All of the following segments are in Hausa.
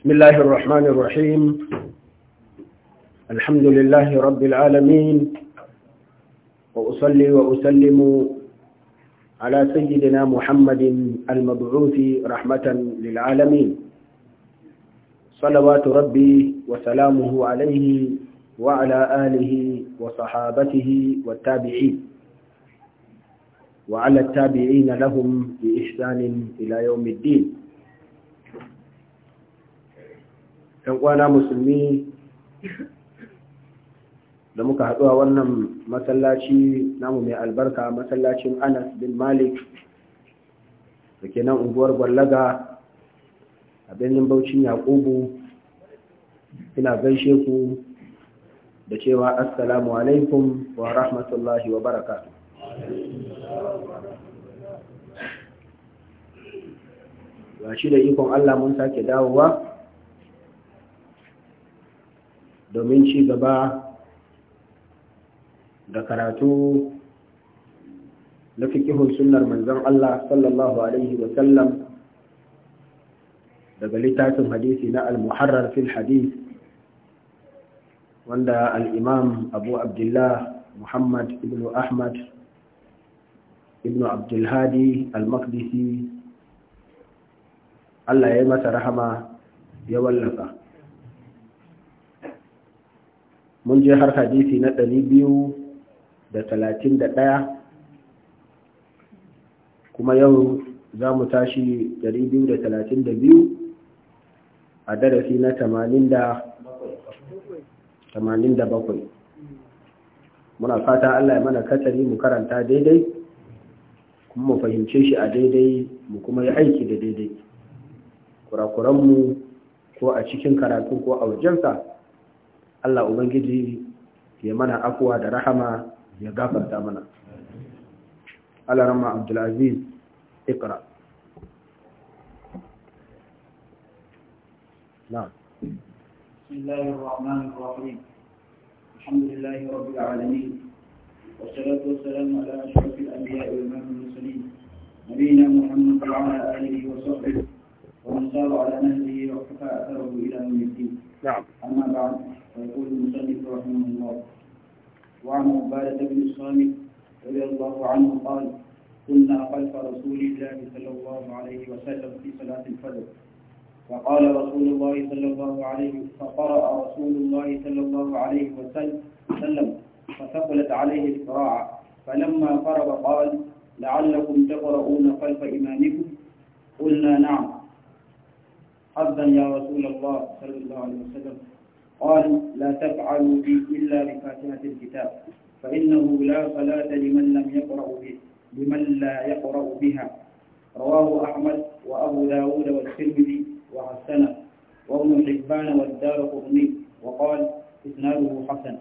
بسم الله الرحمن الرحيم الحمد لله رب العالمين وأصلي وأسلم على سيدنا محمد المبعوث رحمة للعالمين صلوات ربي وسلامه عليه وعلى آله وصحابته والتابعين وعلى التابعين لهم بإحسان إلى يوم الدين 'yan kwana musulmi da muka haɗu a wannan masallaci namu mai albarka masallacin anas bin malik da ke nan unguwar gwallaga a birnin baucin yakubu ina gaishe ku da cewa assalamu alaikum wa rahmatullahi wa baraka ba shi da ikon allah mun sake dawowa domin ci gaba da karatu na fikihun sunnar manzon Allah sallallahu alaihi wa sallam daga littafin hadisi na al-muharrar fil wanda al-imam Abu Abdullah Muhammad ibn Ahmad ibn Abdulhadi al makdisi Allah ya yi masa rahama ya wallafa mun je har hadisi na ɗari biyu da talatin da ɗaya kuma yau za mu tashi ɗari biyu da talatin da biyu a darasi na tamanin da bakwai muna fata Allah ya mana katari mu karanta daidai kuma mu fahimce shi a daidai mu kuma yi aiki da daidai kurakuranmu ko a cikin karatu ko a wajensa Allah ubangiji ya mana afuwa da rahama ya gafarta mana Allah rama Abdulaziz ikra na'am bismillahir rahmanir rahim alhamdulillahi rabbil alamin والصلاة والسلام على أشرف الأنبياء والمرسلين نبينا محمد وعلى آله وصحبه ومن سار على نهجه وقفى أثره إلى يوم الدين. نعم. أما بعد يقول المصنف رحمه الله وعن عبادة بن الصامت رضي الله عنه قال كنا خلف رسول الله صلى الله عليه وسلم في صلاة الفجر فقال رسول الله صلى الله عليه فقرأ رسول الله صلى الله عليه وسلم فثقلت عليه القراءة فلما قرب قال لعلكم تقرؤون خلف إمامكم قلنا نعم حظا يا رسول الله صلى الله عليه وسلم قال لا تفعلوا بي إلا بفاتحة الكتاب فإنه لا صلاة لمن لم يقرأ به لمن لا يقرأ بها رواه أحمد وأبو داود والترمذي وحسنه وابن حبان والدار قرني وقال إسناده حسن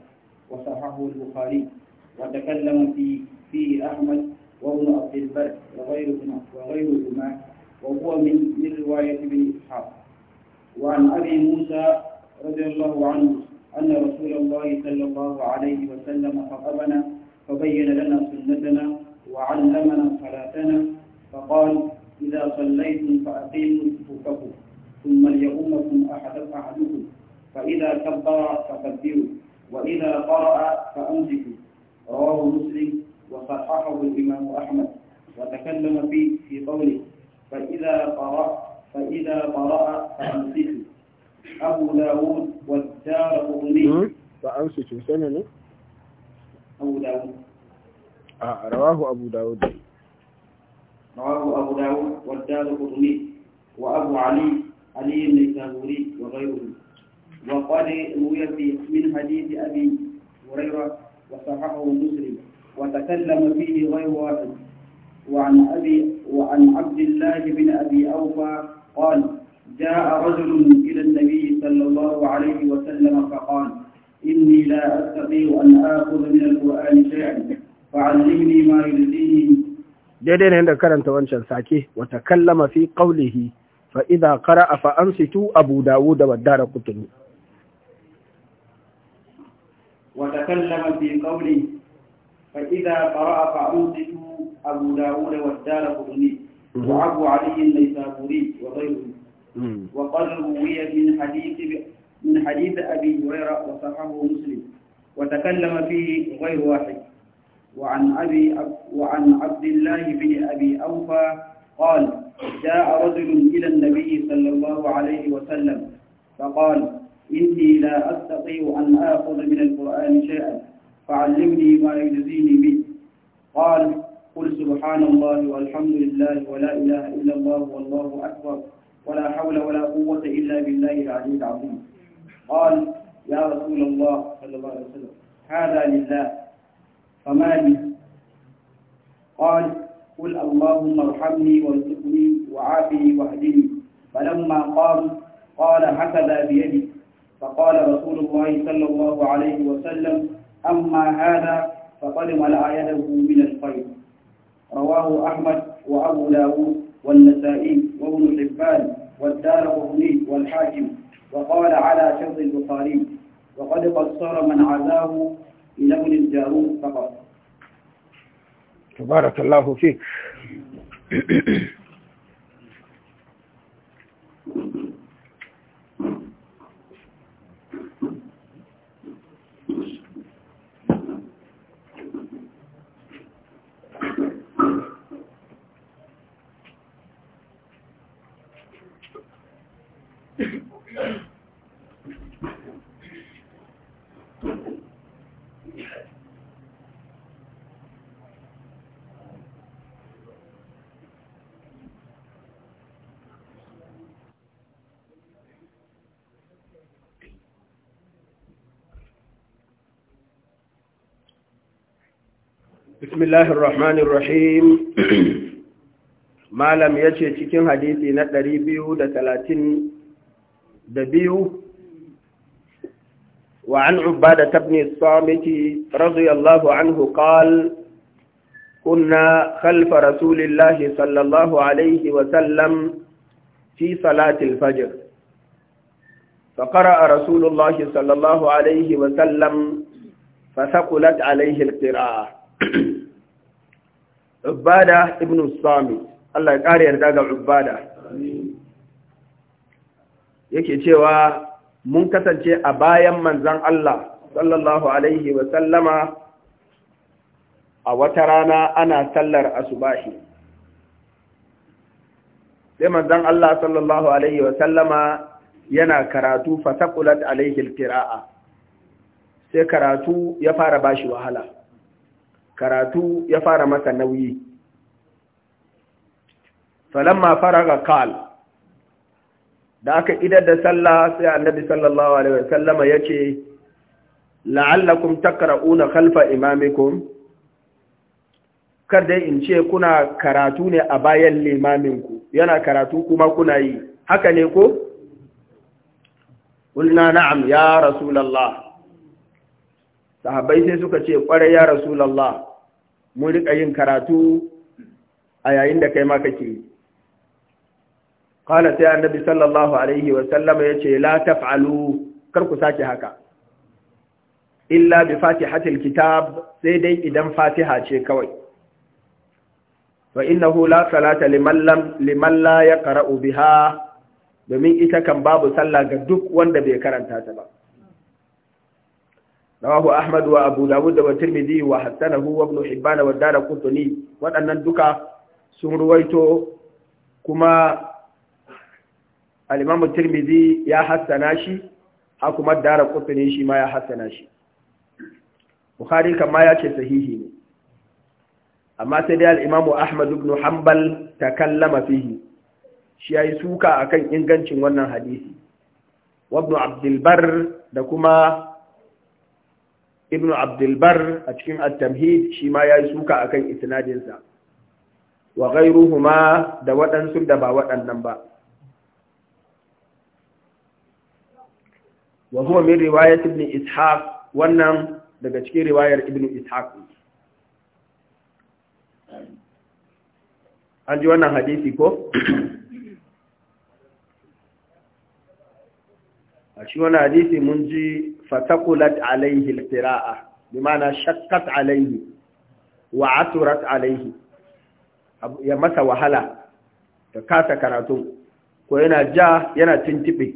وصححه البخاري وتكلم في فيه أحمد وابن عبد البر وغيرهما وغيرهما وهو من من رواية ابن إسحاق وعن أبي موسى رضي الله عنه أن رسول الله صلى الله عليه وسلم خطبنا فبين لنا سنتنا وعلمنا صلاتنا فقال إذا صليتم فأقيموا صفوفكم ثم ليؤمكم أحد أحدكم فإذا كبر فكبروا وإذا قرأ فأمسكوا رواه مسلم وصححه الإمام أحمد وتكلم فيه في قوله فإذا قرأ فإذا قرأ فأمسكوا أبو داود والدار قطني فأمسك سنة أبو داود آه رواه أبو داود رواه أبو داود والدار قطني وأبو علي علي بن الزهوري وغيره وقد روي من حديث أبي هريرة وصححه مسلم وتكلم فيه غير واحد وعن أبي وعن عبد الله بن أبي أوفى قال جاء رجل إلى النبي صلى الله عليه وسلم فقال إني لا أستطيع أن آخذ من القرآن شيئا فعلمني ما يرضيني daidai ne da karanta wancan sake wata kallama fi qaulihi fa idza qara'a fa ansitu abu dawud wa darqutni wata kallama fi qaulihi fa idza qara'a fa ansitu abu dawud wa darqutni mhm. wa abu ali al-naysaburi wa ghayruhu وقد روي من حديث من حديث أبي هريرة وصححه مسلم وتكلم فيه غير واحد وعن أبي وعن عبد الله بن أبي أوفى قال جاء رجل إلى النبي صلى الله عليه وسلم فقال إني لا أستطيع أن آخذ من القرآن شيئا فعلمني ما يجزيني به قال قل سبحان الله والحمد لله ولا إله إلا الله والله أكبر ولا حول ولا قوة إلا بالله العلي العظيم قال يا رسول الله صلى الله عليه وسلم هذا لله فما لي قال قل اللهم ارحمني وارزقني وعافني واهدني فلما قام قال هكذا بيدي فقال رسول الله صلى الله عليه وسلم أما هذا فقد ملأ يده من الخير رواه أحمد وأبو داود والنسائي وابن حبان والدار قطني والحاكم وقال على شرط البخاري وقد قصر من عزاه إلى ابن الجارود فقط تبارك الله فيك بسم الله الرحمن الرحيم ما لم يجي تكين حديثي نتري بيو دا تلاتين دا بيو وعن عبادة ابن الصامت رضي الله عنه قال كنا خلف رسول الله صلى الله عليه وسلم في صلاة الفجر فقرأ رسول الله صلى الله عليه وسلم فثقلت عليه القراءه ubada ibn sami Allah ya ƙari yarda ga ubada yake cewa mun kasance a bayan manzan Allah sallallahu alaihi wa a wata rana ana sallar asubahi sai manzan Allah sallallahu alaihi wa yana karatu fasakulat alaihi kira'a, sai karatu ya fara bashi wahala karatu ya fara masa nauyi falamma faraga kal da aka idar da sallah sai annabi sallallahu alaihi wasallama yace la'allakum takra'una khalfa imamikum kar dai in ce kuna karatu ne a bayan limaminku yana karatu kuma kuna yi haka ne ko kulna na'am ya rasulullah sahabbai sai suka ce kware ya rasulullah Mu rika yin karatu a yayin da kai ma kake yi sai annabi sallallahu alaihi wa ya yace la taf'alu kar ku sake haka illa bi fatihatil kitab sai dai idan fatiha ce kawai fa innahu la salata liman lam liman la yaqra'u biha domin ita kan babu sallah ga duk wanda bai karanta ta ba rawahu ahmad wa abu dawud da wa hasanahu wa ibn wa darqutni wadannan duka sun ruwaito kuma al-imam tirmidhi ya hasana shi ha kuma darqutni shi ma ya hasana shi bukhari kama ya ce sahihi ne amma sai dai al-imam ahmad ibn hanbal takallama fihi shi yayi suka akan ingancin wannan hadisi wa ibn bar da kuma ibnu abdulbar a cikin at-tamhid shi ma ya yayi suka akan isnadin sa wa ghayruhuma da waɗansu da ba waɗannan ba wa huwa min riwayat ibn ishaq wannan daga cikin riwayar ibn ishaq an ji wannan hadisi ko a shi wannan hadisi mun ji Fasakulat alaihi alqira'a bimana shakkat alaihi wa alaihi ya masa wahala ta kasa karatu ko yana ja yana tintibe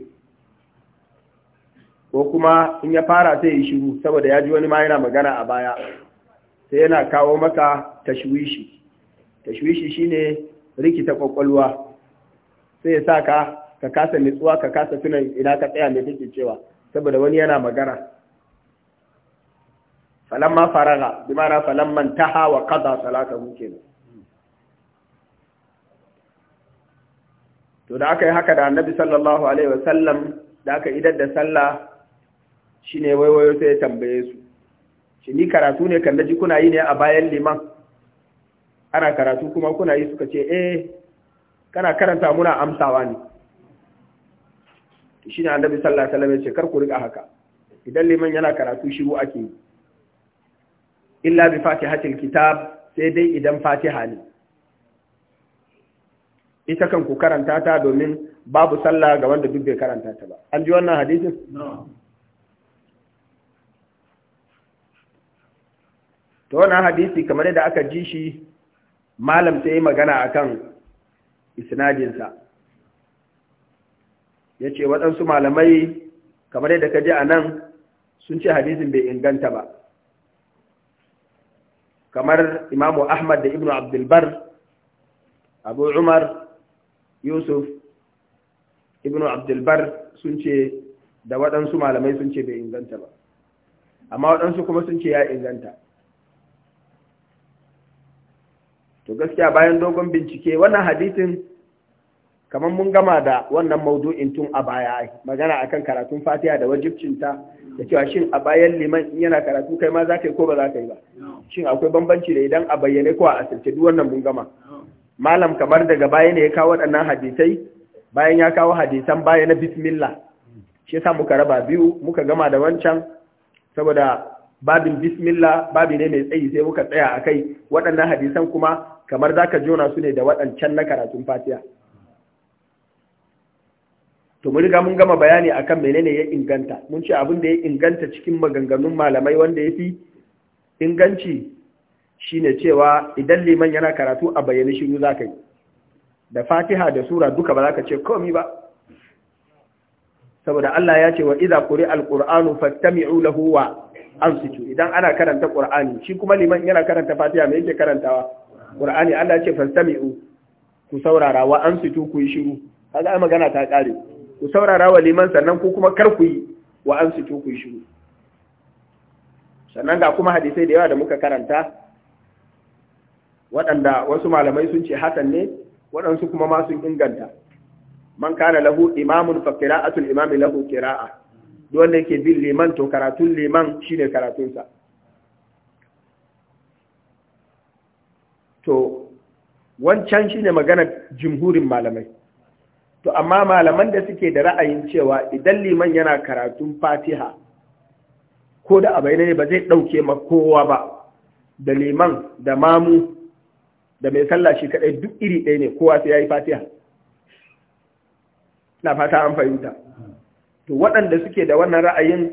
ko kuma in ya fara sai ya shiru saboda ya ji wani ma yana magana a baya sai yana kawo maka tashwishi tashwishi shine rikita kwakwalwa sai ya sa ka ka kasa nitsuwa ka kasa tunan ina ka tsaya mai kake cewa saboda wani yana magana falamma faraga bi ma'ana falamma taha wa qada salatahu kenan to da aka yi haka da annabi sallallahu alaihi wa sallam, da aka idar da sallah shine waiwayo sai ya tambaye su shi ni karatu ne kan daji kuna yi ne a bayan liman ana karatu kuma kuna yi suka ce eh kana karanta muna amsawa ne to shine annabi sallallahu alaihi wasallam ya ce kar ku riga haka idan liman yana karatu shiru ake yi illa bi fatihatil kitab sai dai idan fatiha ne ita kan ku karanta ta domin babu sallah ga wanda duk bai karanta ta ba an ji wannan hadisin to wannan hadisi kamar yadda aka ji shi malam sai magana akan isnadinsa ya ce waɗansu malamai kamar yadda ka ji a nan sun ce hadisin bai inganta ba kamar imamu ahmad da ibnu abdulbar abu umar yusuf ibnu abdulbar sun ce da waɗansu malamai sun ce bai inganta ba amma waɗansu kuma sun ce ya inganta to gaskiya bayan dogon bincike wannan hadisin kamar mun gama da wannan maudu'in tun a baya magana akan karatun fatiha da wajibcinta da cewa shin a bayan liman in yana karatu kai ma za ka yi ko ba za ka yi ba shin akwai bambanci da idan a bayyane ko a asirce duk wannan mun gama malam kamar daga baya ne ya kawo waɗannan hadisai bayan ya kawo hadisan baya na bismillah shi yasa muka raba biyu muka gama da wancan saboda babin bismillah babi ne mai tsayi sai muka tsaya a kai waɗannan hadisan kuma kamar za ka jona su ne da waɗancan na karatun fatiha to mun riga mun gama bayani akan menene ya inganta mun ce abin da ya inganta cikin maganganun malamai wanda ya fi inganci shine cewa idan liman yana karatu a bayyane shiru za ka yi da fatiha da sura duka ba za ka ce komi ba saboda Allah ya ce wa idza quri alqur'anu fattami'u lahu wa ansitu idan ana karanta qur'ani shi kuma liman yana karanta fatiha me yake karantawa qur'ani Allah ya ce fattami'u ku saurara wa ansitu ku yi shiru kaga magana ta kare ku saurara wa liman sannan ku kuma kar ku yi wa an su ku shiru sannan ga kuma hadisai da yawa da muka karanta waɗanda wasu malamai sun ce hasan ne waɗansu kuma ma sun inganta man kana lahu imamun fa qira'atul imami lahu qira'a duk wanda yake bin liman to karatun liman shine karatunsa to wancan shine maganar jumhurin malamai to amma malaman da suke da ra'ayin cewa idan liman yana karatun fatiha ko da abai ne ba zai ɗauke ma kowa ba da liman da mamu da mai sallah shi kaɗai duk iri ɗaya ne kowa sai ya yi fatiha na fata an fahimta to waɗanda suke da wannan ra'ayin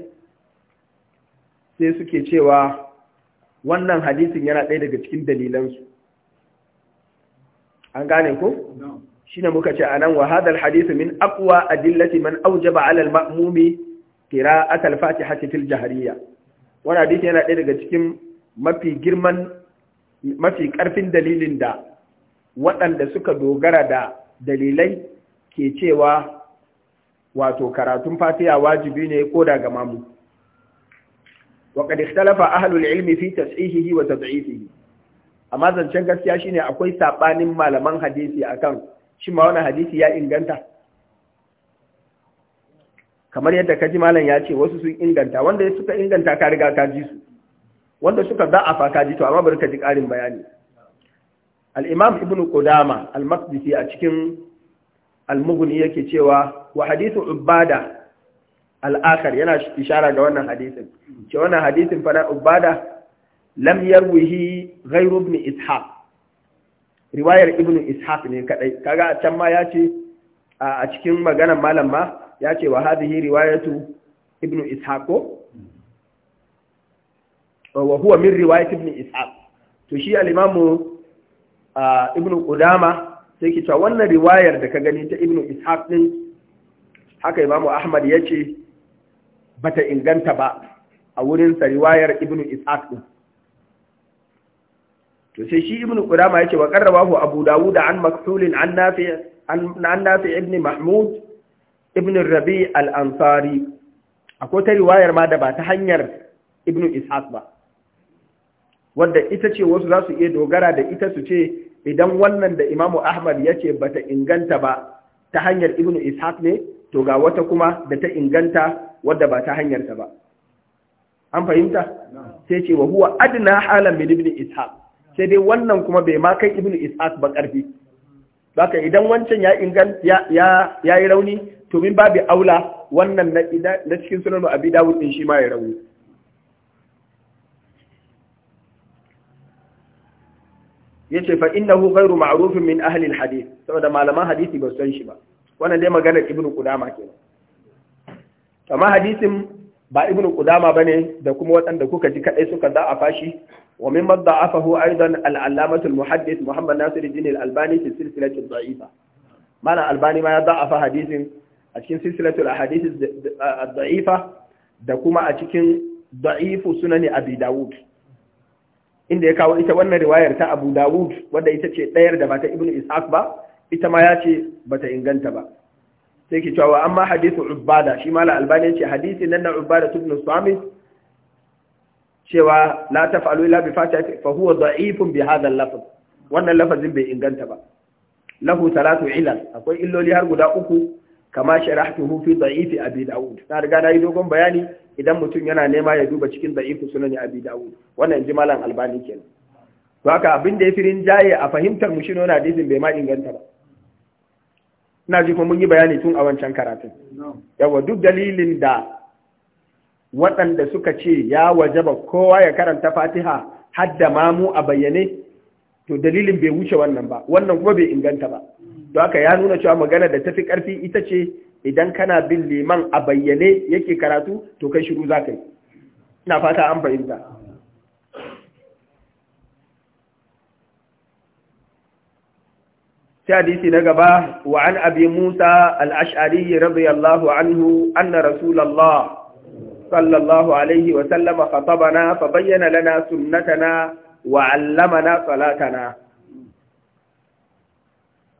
sai suke cewa wannan hadisin yana ɗaya daga cikin dalilansu an gane ko? shine muka ce anan wa hadal hadithu min aqwa adillati man awjaba ala al-ma'mumi qira'at al-fatihati fil jahriyya wannan hadisi yana ɗaya daga cikin mafi girman mafi ƙarfin dalilin da waɗanda suka dogara da dalilai ke cewa wato karatun fatiha wajibi ne ko da mamu wa qad ikhtalafa ahlul ilmi fi tas'ihihi wa tad'ifihi amma zancen gaskiya shine akwai sabanin malaman hadisi akan shi ma wani hadisi ya inganta kamar yadda kaji malam ya ce wasu sun inganta wanda suka inganta ka riga ka ji su wanda suka da'afa ka ji to amma bari ka ji ƙarin bayani al-imam ibnu qudama al-maqdisi a cikin al-mughni yake cewa wa hadithu ubada al'akar yana ishara ga wannan hadisin ce wannan hadisin fana ubada lam yarwihi ghayru ibn ishaq riwayar ibn ishaq ne kadai kaga can ma ya ce a cikin maganar malam ma ya ce wa hadhihi riwayatu ibn ishaq wa huwa min riwayat ibn ishaq to shi al-imam ibn qudama sai ki ta wannan riwayar da ka gani ta Ibnu ishaq din haka imam ahmad ya yace bata inganta ba a wurin sa riwayar ibn ishaq din to sai shi ibnu qudama yace wa qarrabahu abu dawud an maktul an nafi an nafi ibn mahmud ibn rabi al-ansari akwai ta riwayar ma da ba ta hanyar ibn ishaq ba wanda ita ce wasu za su iya dogara da ita su ce idan wannan da imamu ahmad ya ce ba ta inganta ba ta hanyar ibn ishaq ne to ga wata kuma da ta inganta wadda ba ta hanyarta ba an fahimta sai ce wa huwa adna halan min ibn ishaq sai dai wannan kuma bai ma kai ibnu is'aq ba karfi haka idan wancan ya ingan ya ya yi rauni to min babu aula wannan na na cikin sunan abi dawud din shi ma ya rauni yace fa innahu ghairu ma'rufin min ahli alhadith saboda malaman hadisi ba san shi ba wannan dai maganar ibnu qudama kenan amma hadisin ba ibnu qudama bane da kuma waɗanda kuka ji kadai suka da a fashi ومن من ضعفه أيضا العلامة المحدث محمد ناصر الدين الألباني في السلسلة الضعيفة ما الألباني ما ضعف حديث أشكين سلسلة الأحاديث الضعيفة دكما أشكين ضعيف سنن أبي داود inda ya kawo ita wannan riwayar ta Abu Dawud wadda ita ce ɗayar da ba ta Ibn Ishaq ba ita ma ya ce ba ta inganta ba sai ki cewa amma hadithu Ubada shi mala Albani ce hadisi nan na Ubada ibn Samit cewa la fa’alu illa bi fatiha fa huwa da'ifun bi hadha al wannan lafazin bai inganta ba lahu talatu ilal akwai illoli har guda uku kama sharahtuhu fi da'ifi abi daud na riga na yi dogon bayani idan mutum yana nema ya duba cikin daifi sunan abi daud wannan ji malam albani kenan to haka abin da yafi rinjaye a fahimtar mu shine wannan hadisin bai ma inganta ba ina ji kuma mun yi bayani tun a wancan karatun yawa duk dalilin da waɗanda suka ce ya wajaba kowa ya karanta fatiha hadda mamu a bayyane to dalilin bai wuce wannan ba wannan kuma bai inganta ba don haka ya nuna cewa magana da tafi karfi ita ce idan kana bin liman a bayyane yake karatu to kai shiru za ka yi ina fata an fahimta Ta hadisi na gaba wa an abi musa al-ash'ari radiyallahu anhu anna rasulullah صلى الله عليه وسلم خطبنا فبين لنا سنتنا وعلمنا صلاتنا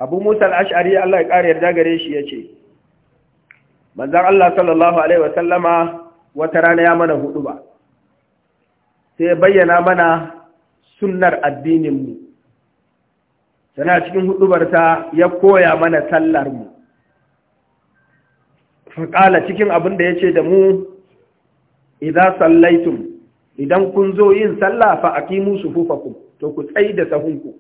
أبو موسى الأشعري الله يقار يرجع قريش يجي من ذا الله صلى الله عليه وسلم وترانا يا من هدوبا سيبين منا sunnar addininmu tana cikin hudubarta ya koya mana sallarmu faƙala cikin abin da ya ce da mu idan sallaitum idan kun zo yin sallah fa aqimu sufufakum to ku tsaida sahunku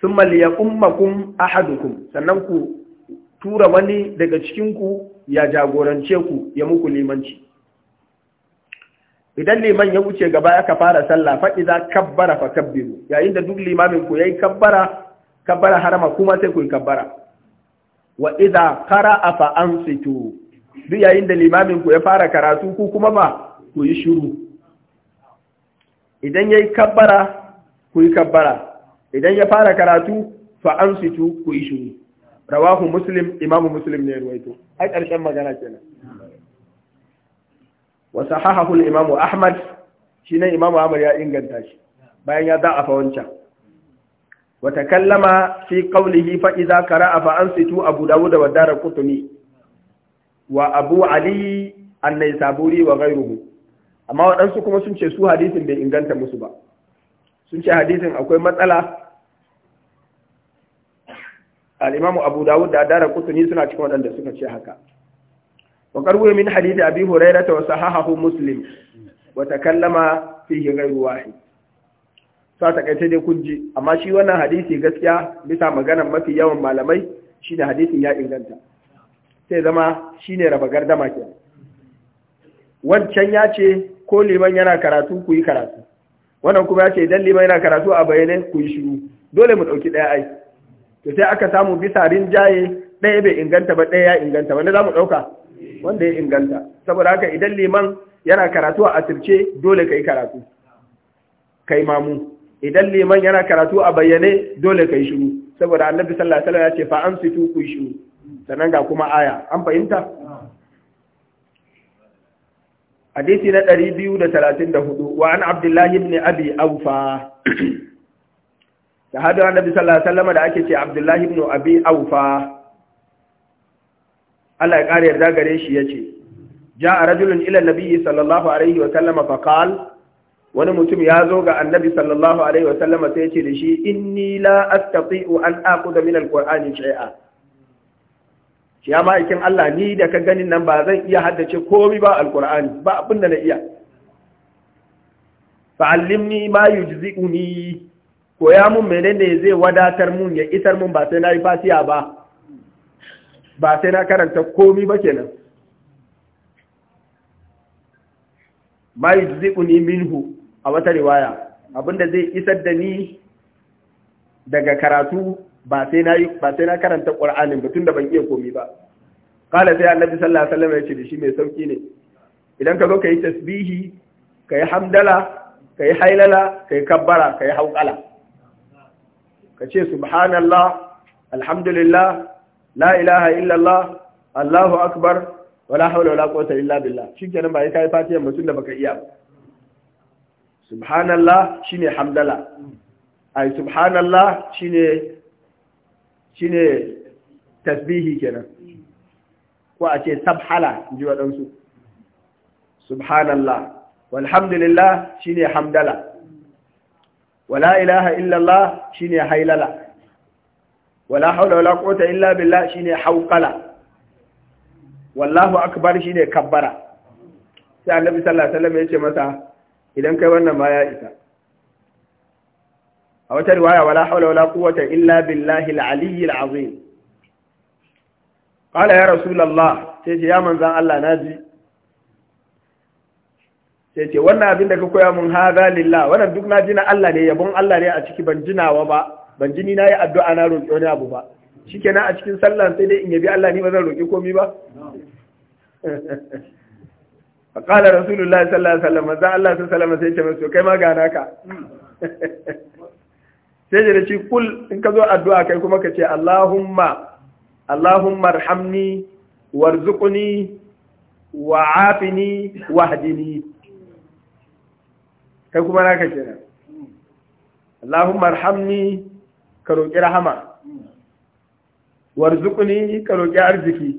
thumma liyaqummakum ahadukum sannan ku tura wani daga cikin ku ya jagorance ku ya muku limanci idan liman ya wuce gaba aka fara sallah fa idza kabbara fa kabbiru yayin da duk limamin ku yayi kabbara kabbara harama kuma sai ku yi kabbara wa idza qara'a fa ansitu duk yayin da limamin ku ya fara karatu ku kuma ba ku yi shiru idan yayi kabbara ku yi kabbara idan ya fara karatu fa ansitu ku yi shiru rawahu muslim imamu muslim ne ruwaito ai karshen magana kenan wa sahahahu al-imamu ahmad shi ne imamu ahmad ya inganta shi bayan ya da'afa wancan wa takallama fi qawlihi fa idza qara'a fa ansitu abu dawud wa darqutni wa abu ali annai saburi wa gairuhu amma waɗansu kuma sun ce su hadisin bai inganta musu ba sun ce hadisin akwai matsala al'imamu abu dawud da adara kutuni suna cikin waɗanda suka ce haka wa karwe min hadisi abi hurairata wa sahahahu muslim wa takallama fihi gairu wahid sa takaice dai kun je. amma shi wannan hadisi gaskiya bisa maganar mafi yawan malamai shine hadisin ya inganta sai zama shi ne raba gardama ke wancan ya ce ko liman yana karatu ku yi karatu wannan kuma ya ce idan liman yana karatu a bayyane ku yi shiru dole mu ɗauki ɗaya ai to sai aka samu bisa rinjaye ɗaya bai inganta ba ɗaya ya inganta wanda za mu ɗauka wanda ya inganta saboda haka idan liman yana karatu a asirce dole ka yi karatu kai mamu idan liman yana karatu a bayyane dole ka yi shiru saboda annabi sallallahu alaihi wasallam ya ce fa amsitu ku yi shiru sannan ga kuma aya an fahimta hadisi na 234 wa an abdullahi ibn abi aufa sahabi annabi sallallahu alaihi wasallam da ake ce abdullahi ibn abi aufa Allah ya kare yarda gare shi yace ja'a rajulun ila nabiyyi sallallahu alaihi wasallam fa qala wani mutum ya zo ga annabi sallallahu alaihi wasallam sai ce da shi inni la astati'u an da min alqur'ani shay'a shi ya ma'aikin Allah ni da ka ganin nan ba zan iya haddace komai ba alkur'ani ba abin da na iya fa'allimni ma yujzi'uni koya mun menene zai wadatar mun ya isar mun ba sai na yi fasiya ba ba sai na karanta komai ba kenan ma yujzi'uni minhu a wata riwaya abinda zai isar da ni daga karatu ba sai na yi ba sai na karanta qur'anin ba tunda ban iya komai ba qala sai annabi sallallahu alaihi wasallam ya ce shi mai sauki ne idan ka zo kai tasbihi kai hamdala kai hailala kai kabbara kai hauqala ka ce subhanallah alhamdulillah la ilaha illallah allahu akbar wala hawla wala quwwata illa billah shikenan ba kai fatiha mutun da baka iya ba subhanallah shine hamdala ai subhanallah shine ne tasbihi kenan ko a ce sabhala ji waɗansu subhanallah walhamdulillah shi ne hamdala wala ilaha illallah shi ne hailala wala haula wala ƙota illa billah shi ne haukala. wallahu akbar ne kabbara sai annabi sallallahu alaihi wasallam ya ce masa idan kai wannan ma ya isa a wata riwaya wala haula wala quwwata illa billahi al-aliyyil azim qala ya rasulullah sai ce ya manzan Allah naji sai ce wannan abin da ka koya mun hadha lillah wannan duk na jina Allah ne yabon Allah ne a ciki ban jinawa ba ban jini na yi addu'a na roƙi wani abu ba shikenan a cikin sallan sai dai in yabi Allah ni ba zan roƙi komai ba فقال رسول الله صلى الله عليه وسلم ذا الله صلى الله عليه وسلم سيتمسو كما غاناك sai da shi kul in ka zo addu'a kai kuma ka ce Allahumma Allahumma arhamni warzuqni wa'afini wahdini kai kuma na ka kenan Allahumma arhamni ka roƙi rahama warzuqni ka roƙi arziki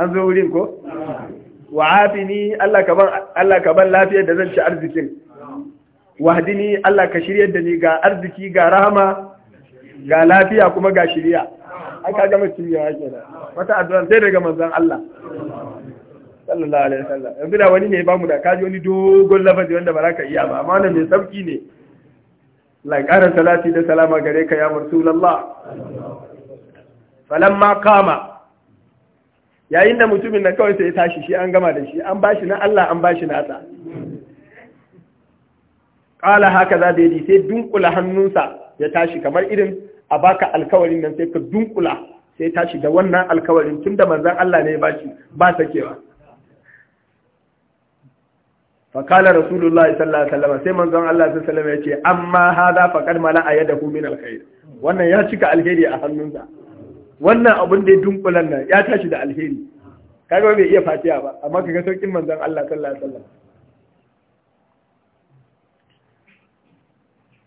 an zo wurin ko wa'afini Allah ka ban Allah ka ban lafiyar da zan ci arzikin wahdini Allah ka shiryar da ni ga arziki ga rahama ga lafiya kuma ga shiriya ai kaga mutum ya yake da wata addu'a sai daga manzon Allah sallallahu alaihi wasallam yanzu da wani ne ba mu da kaji wani dogon lafazi wanda ba za ka iya ba amma wannan mai sauki ne la qara salati da salama gare ka ya rasulullah falamma qama yayin da mutumin na kawai sai ya tashi shi an gama da shi an bashi na Allah an bashi na ta ƙala haka za da yi sai dunkula hannunsa ya tashi kamar irin a baka alkawarin nan sai ka dunkula sai tashi da wannan alkawarin tun da manzan Allah ne ba shi ba sakewa fakala rasulullah sallallahu alaihi wasallam sai manzan Allah sallallahu alaihi wasallam ya ce amma hada faqad mala yadda min alkhairi. wannan ya cika alheri a hannunsa wannan abun da ya dunkulan nan ya tashi da alheri kaga bai iya Fatiya ba amma kaga sauƙin manzan Allah sallallahu alaihi wasallam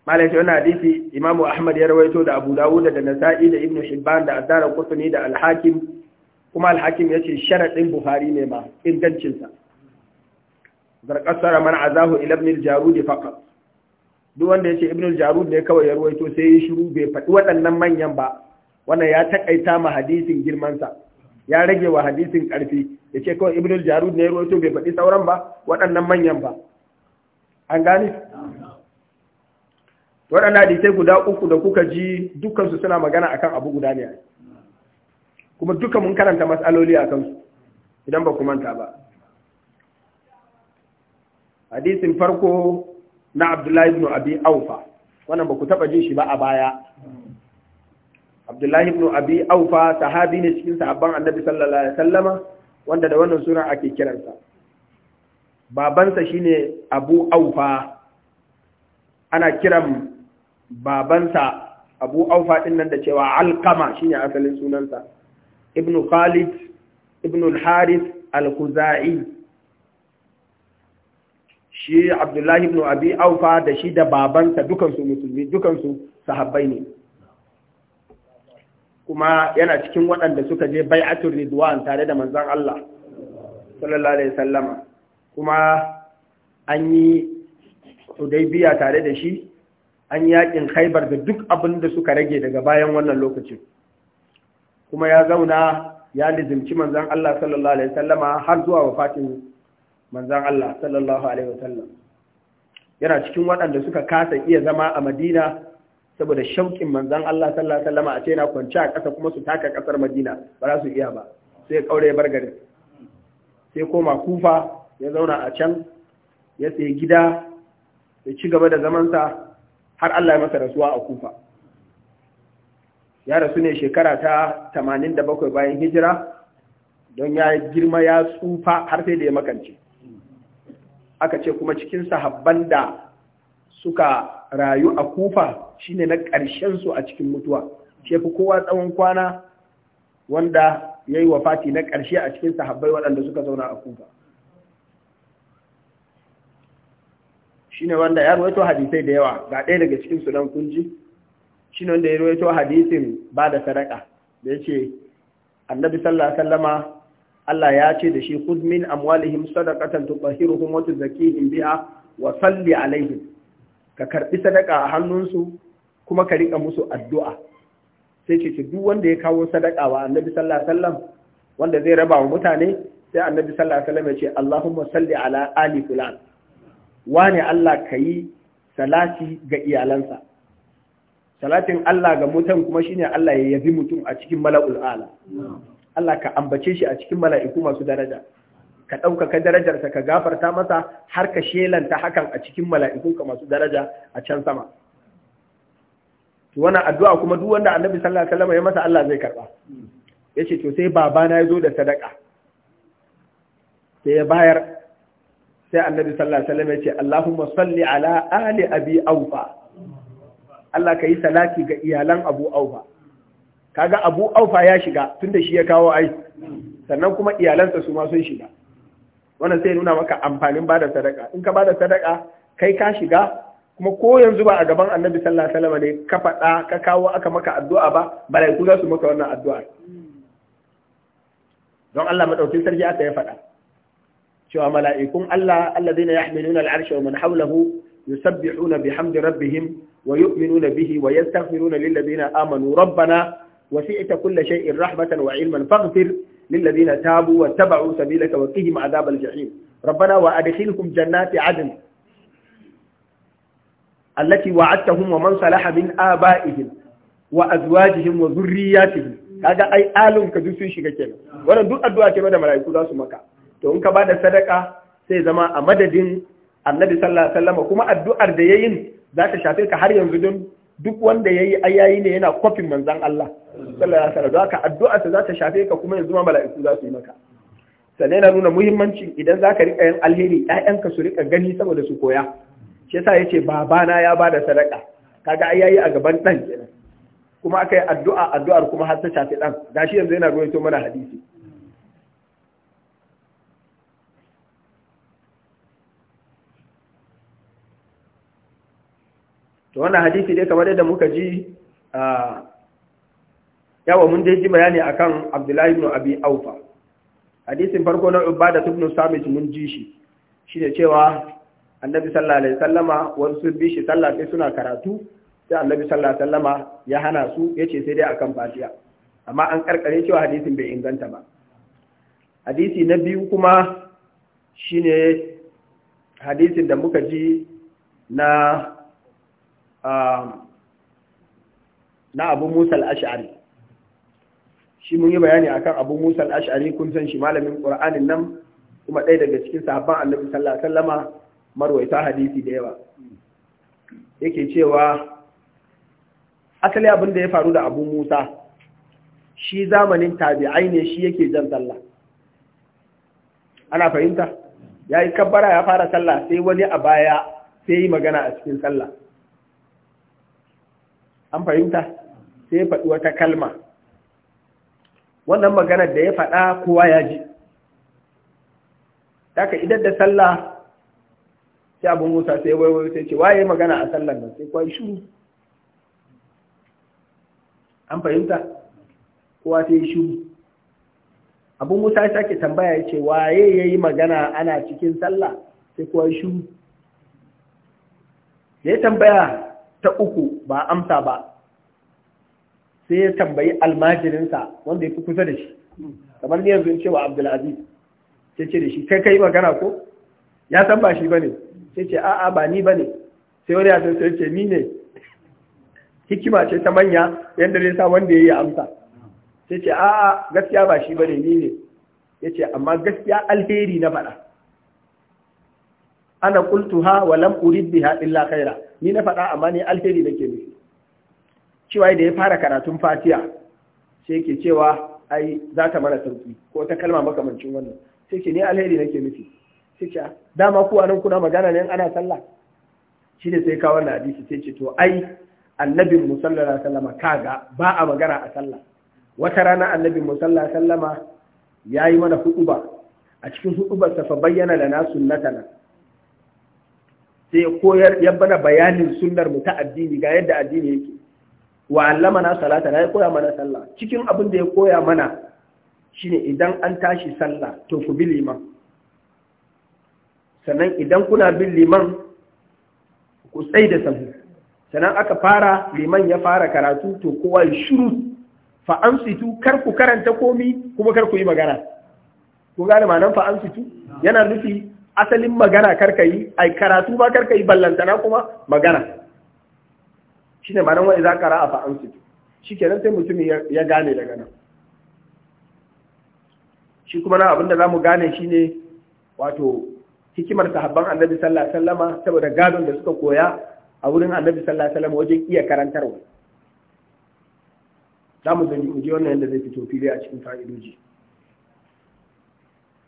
malai shi hadisi imamu ahmad ya rawaito da abu dawud da nasa'i da ibnu hibban da azara kusuni da al-hakim kuma al-hakim yace sharadin buhari ne ma ingancin sa zarqasara man azahu ila ibn al-jarud faqat duk wanda yace ibn al-jarud ne kawai ya rawaito sai ya shiru bai faɗi waɗannan manyan ba wannan ya takaita ma hadisin girman sa ya rage wa hadisin karfi yace kawai ibn al-jarud ne ya rawaito bai faɗi sauran ba waɗannan manyan ba an gane waɗanda hadisai guda uku da kuka ji dukansu suna magana akan abu guda ne kuma duka mun karanta matsaloli a kansu idan ba ku manta ba hadisin farko na abdullahi ibn abi aufa wannan ba ku taɓa jin shi ba a baya abdullahi ibn abi aufa sahabi ne cikin sahabban annabi sallallahu alaihi wasallama wanda da wannan suna ake kiransa babansa shine abu aufa ana kiran babansa abu aufa din nan da cewa alkama shine asalin sunansa Ibn khalid ibn al-harith al-khuzai shi abdullahi ibn abi aufa da shi da babansa dukansu musulmi dukansu sahabbai ne kuma yana cikin waɗanda suka je bai'atul ridwan tare da manzon Allah sallallahu alaihi wasallama kuma an yi hudaybiya tare da shi an yakin haibar da duk abin da suka rage daga bayan wannan lokacin kuma ya zauna ya lizimci manzan Allah sallallahu alaihi wasallam har zuwa wafatin manzan Allah sallallahu alaihi wasallam yana cikin waɗanda suka kasa iya zama a Madina saboda shauƙin manzan Allah sallallahu alaihi wasallam a ce yana kwanci a ƙasa kuma su taka ƙasar Madina ba za su iya ba sai kaure ya bar gari. sai koma Kufa ya zauna a can ya sayi gida ya ci gaba da zaman sa har Allah ya masa rasuwa a kufa ya rasu ne shekara ta 87 bayan hijira don ya girma ya tsufa har sai da ya makance aka ce kuma cikin sahabban da suka rayu a kufa shine na ƙarshen su a cikin mutuwa fi kowa tsawon kwana wanda ya yi wafati na ƙarshe a cikin sahabbai waɗanda suka zauna a kufa ne wanda ya ruwaito hadisai da yawa ga ɗaya daga cikin su dan kunji shine wanda ya ruwaito hadisin ba da sadaka da ce, annabi sallallahu alaihi Allah ya ce da shi khudh min amwalihim sadaqatan tutahhiruhum wa tuzakkihim biha wa salli alaihim ka karɓi sadaka a hannunsu kuma ka rika musu addu'a sai ce duk wanda ya kawo sadaka wa annabi sallallahu alaihi wanda zai raba wa mutane sai annabi sallallahu alaihi ya ce Allahumma salli ala ali fulan wane Allah ka yi salati ga iyalansa salatin Allah ga mutum kuma shine Allah ya yabi mutum a cikin mala'ul ala Allah ka ambace shi a cikin mala'iku masu daraja ka ɗaukaka darajarsa ka gafarta masa har ka shelanta hakan a cikin mala'ikunka masu daraja a can sama wani addu'a kuma duk wanda annabi sallallahu alaihi wasallam ya masa Allah zai karɓa. Ya ce to sai babana ya zo da sadaka sai ya bayar sai annabi sallallahu alaihi wasallam ya ce Allahumma salli ala ali abi aufa Allah ka salati ga iyalan abu aufa kaga abu aufa ya shiga tunda shi ya kawo ai sannan kuma iyalansa su ma sun shiga wannan sai nuna maka amfanin bada sadaka in ka bada sadaka kai ka shiga kuma ko yanzu ba a gaban annabi sallallahu alaihi wasallam ne ka faɗa ka kawo aka maka addu'a ba ku za su maka wannan addu'a don Allah madaukin sarki aka ya faɗa cewa mala'ikun Allah alladhina yahmiluna al'arsha wa man hawlahu yusabbihuna bihamdi rabbihim wa yu'minuna bihi wa yastaghfiruna lil ladina amanu rabbana wasi'ta kulla shay'in rahmatan wa ilman faghfir lil ladina tabu wa tabi'u sabilaka wa qihim adhab al jahim rabbana wa adkhilhum jannati adn allati wa'adtahum wa man salaha min aba'ihim wa azwajihim wa dhurriyyatihim kaga ai alun ka duk sun shiga kenan wannan duk addu'a ce da mala'iku za su maka to in ka ba da sadaka sai zama a madadin annabi sallallahu alaihi wasallam kuma addu'ar da yayi za ta shafe ka har yanzu don duk wanda yayi ayayi ne yana kofin manzon Allah sallallahu alaihi wasallam haka addu'a za ta shafe ka kuma yanzu ma mala'iku za su yi maka sannan yana nuna muhimmanci idan zaka ka riƙa yin alheri ‘ya'yanka su rika gani saboda su koya shi yasa ya ce babana ya ba da sadaka kaga ayayi a gaban ɗan kuma aka yi addu'a addu'ar kuma har ta shafe ɗan gashi yanzu yana ruwaito mana hadisi to wannan hadisi dai kamar yadda muka ji yawa mun dai ji bayani akan abdullahi ibn abi aufa hadisin farko na ubada ibn samit mun ji shi shine cewa annabi sallallahu alaihi wasallama wasu sun bi shi sallafi suna karatu sai annabi sallallahu alaihi wasallama ya hana su yace sai dai akan fatiha amma an karkare cewa hadisin bai inganta ba hadisi na biyu kuma shine hadisin da muka ji na Um, na abu musa al'ash'ari shi mun yi bayani akan abu musa al'ash'ari kun san shi malamin ƙura'anin nan kuma ɗaya daga cikin sahabban annabi sallallahu alaihi wasallama marwaita hadisi da yawa yake cewa asali abin da ya faru da abu musa shi zamanin tabi'ai ne shi yake jan sallah ana fahimta ya yi kabbara ya fara sallah sai wani a baya sai yi magana a cikin sallah an fahimta sai ya faɗi wata kalma wannan maganar da ya faɗa kowa ya ji daga idan da sallah sai abin musa sai waiwai sai ce waye magana a sallan nan sai kwai shuru an fahimta kowa sai shuru abin musa ya sake tambaya ya ce waye ya yi magana ana cikin sallah sai kowa shuru ya tambaya ta uku ba amsa ba sai ya tambayi almajirinsa wanda ya fi kusa da shi kamar ni yanzu cewa abdulaziz sai ce da shi kai kai magana ko ya san ba shi bane sai ce a'a ba ni bane sai wani ya san sai ce ni ne hikima ce ta manya yadda zai sa wanda ya yi amsa sai ce a'a gaskiya ba shi bane ni ne ya ce amma gaskiya alheri na faɗa ana ha wa lam urid biha illa khaira ni na faɗa amma ni alheri nake nufi cewa da ya fara karatun Fatiya, sai yake cewa ai za ta mara sauki ko ta kalma makamancin wannan sai ce ni alheri nake nufi sai ce dama kuwa nan kuna magana ne ana sallah shi ne sai kawo wannan hadisi sai ce to ai annabin mu sallallahu alaihi wasallama kaga ba a magana a sallah wata rana annabin mu sallallahu alaihi wasallama yayi mana hutuba a cikin hutubar sa fa bayyana lana sunnatana sai koyar ya bana bayanin sunnar mu ta addini ga yadda addini yake wa allama na salata ya koya mana sallah cikin abin da ya koya mana shine idan an tashi sallah to ku bi liman sannan idan kuna bin liman ku tsaye da sahu sannan aka fara liman ya fara karatu to kowa ya shiru fa amsitu kar ku karanta komi kuma kar ku yi magana ku gane ma nan fa amsitu yana nufi asalin magana karka yi ai karatu ba karka yi ballantana kuma magana Shi ne shine ma'anar wa idza qara'a fa ansit shikenan sai mutum ya gane daga nan shi kuma da abinda mu gane shi ne wato hikimar sahabban annabi sallallahu saboda gadon da suka koya a wurin annabi sallallahu alaihi wajen iya karantarwa Za mu zai ji wannan yadda zai fito fili a cikin fa'idoji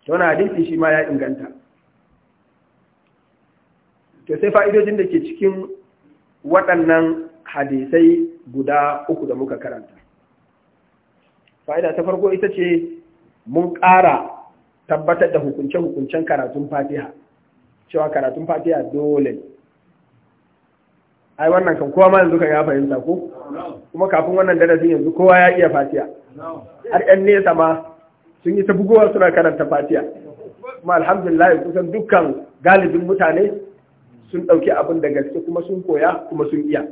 tona hadisi shi ma ya inganta to sai fa'idojin da ke cikin waɗannan hadisai guda uku da muka karanta fa'ida ta farko ita ce mun ƙara tabbatar da hukunce-hukuncen karatun fatiha cewa karatun fatiha dole ne ai wannan kan kowa ma yanzu kan ya fahimta ko kuma kafin wannan darasin yanzu kowa ya iya fatiha har yan nesa ma sun yi ta bugowa suna karanta fatiha kuma alhamdulillah kusan dukkan galibin mutane sun ɗauki abin da gaske kuma sun koya kuma sun iya